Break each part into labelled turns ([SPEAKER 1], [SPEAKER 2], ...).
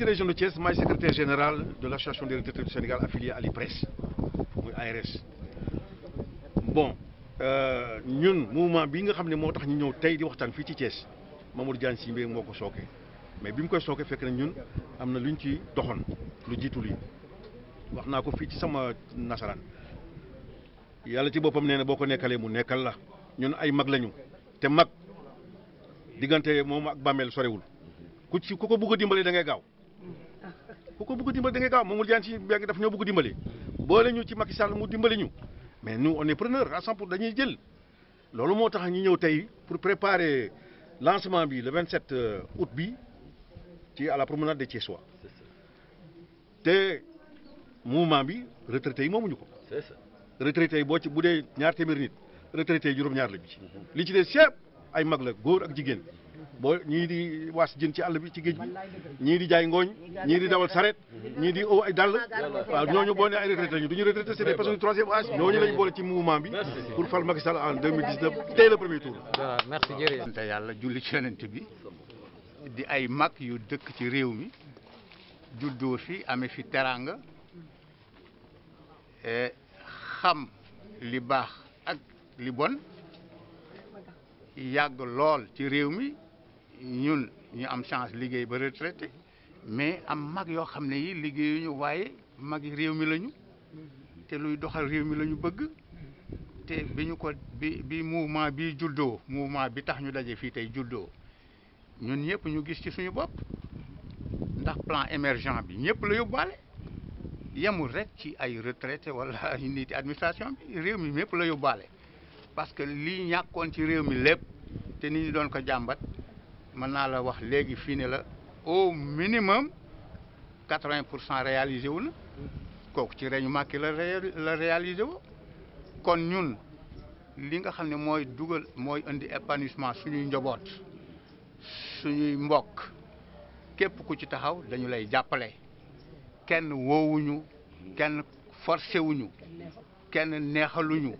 [SPEAKER 1] ci région de Thiès maay secrétaire général de l'association des retraités du Sénégal affiliée à l'IPRES muy ARS bon euh, ñun mouvement bi nga xam ne moo tax ñu ñëw tey di waxtaan fii ci Thiès Mamadou Diagne Simbé moo ko sookee mais bi mu koy sooke fekk na ñun am na lu ñu ci doxoon lu jiitu lii wax naa ko fii ci sama nasaraan yàlla ci boppam nee na boo ko nekkalee mu nekkal la ñun ay mag lañu te mag diggante moom ak bàmmeel sorewul ku ci ku ko bugg a dimbale da ngay gaaw ku ko bëgg dimbali da ngay gaaw moomul jaan ci mbéy mi daf ñoo bëgg dimbali ci Macky Sall mu dimbali ñu mais nous on est preneur à 100 pour jël loolu moo tax ñu ñëw tey pour préparer lancement bi le 27 euh, août bi ci à la promenade de Thiessois te mouvement bi retraités yi moomuñu ko. c'est yi boo ci bu dee ñaar téeméeri nit retraités yi juróom-ñaar la ñu ci. Mm-hmm. li ci des yëpp ay mag la góor ak jigéen. boo ñii di waas jën ci àll bi ci géej bi ñii di jaay ngooñ ñii di dawal saret ñii di ow ay dàll waaw ñooñu boo ne ay retraité lañu du ñu retraité c'est des personnes du troisième âge ñooñu lañu boole ci mouvement bi pour fal Macky Sall en 2019 tey le premier tour
[SPEAKER 2] merci jërëjëf julli ci yonent bi ay mag yu dëkk ci réew mi juddoo fi amee fi teraanga e xam li baax ak li bon yàgg lool ci réew mi ñun ñu am chance liggéey ba retraité mais am mag yoo xam ne yi liggéeyuñu waaye mag yi réew mi lañu te luy doxal réew mi lañu bëgg te bi ñu ko bi bi mouvement bi juddoo mouvement bi tax ñu daje fii tey juddoo ñun ñëpp ñu gis ci suñu bopp ndax plan émergent bi ñëpp la yóbbaale yamul rek ci ay retraité wala ay nit administration bi réew mi ñëpp la yóbbaale parce que lii ñàkkoon ci réew mi lépp te nit ñi doon ko jàmbat mën naa la wax léegi fii ne la au minimum quatre-vingt pour cent réalisé wu na kooku ci reñu Macky la la réalisé kon ñun li nga xam ne mooy dugal mooy indi épanouissement suñuy njaboot suñuy mbokk képp ku ci taxaw dañu lay jàppale kenn woowuñu kenn forcé wuñu kenn neexaluñu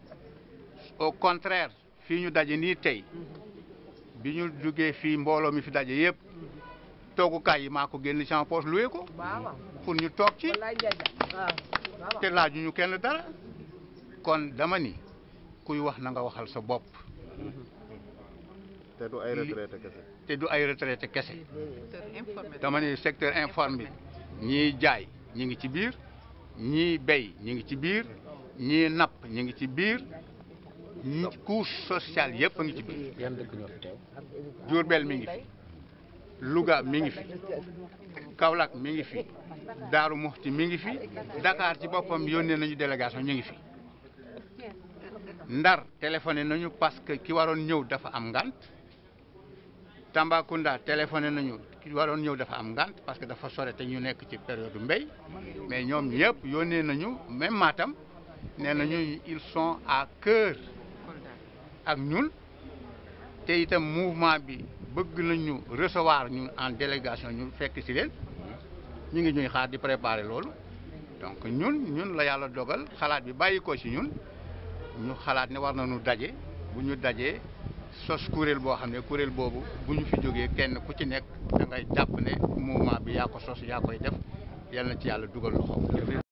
[SPEAKER 2] au contraire fii ñu daje nii tey bi ñu jógee fii mbooloo mi fi daje yëpp toogukaay yi maa ko génn sans poche loué ko pour ñu toog ci te laaju ñu kenn dara kon dama ni kuy wax na nga waxal sa bopp te du ay retraité kese te dama ni secteur informel ñii jaay ñi ngi ci biir ñii béy ñi ngi ci biir ñii napp ñi ngi ci biir couche sociale yëpp a ngi ci biir. yan dëkk ñoo fi mi ngi fi. Louga mi ngi fi. Kaolack mi ngi fi. Daaru Muxti mi ngi fi. Dakar ci boppam yónnee nañu délégation ñu ngi fi. Ndar téléphoné nañu parce que ki waroon ñëw dafa am ngant Tambacounda téléphoné nañu ki waroon ñëw dafa am ngant parce que dafa sore te ñu nekk ci période mbéy mais ñoom ñëpp yónnee nañu même Matam nee nañu ils son à cœur ak ñun te itam mouvement bi bëgg nañu recevoir ñu en délégation ñu fekk ci leen ñu ngi ñuy xaar di préparer loolu donc ñun ñun la yàlla dogal xalaat bi bàyyi ko ci ñun ñu xalaat ne war na nañu daje bu ñu dajee sos kuréel boo xam ne kuréel boobu bu ñu fi jógee kenn ku ci nekk da ngay jàpp ne mouvement bi yaa ko sos yaa koy def yal na ci yàlla dugal loxo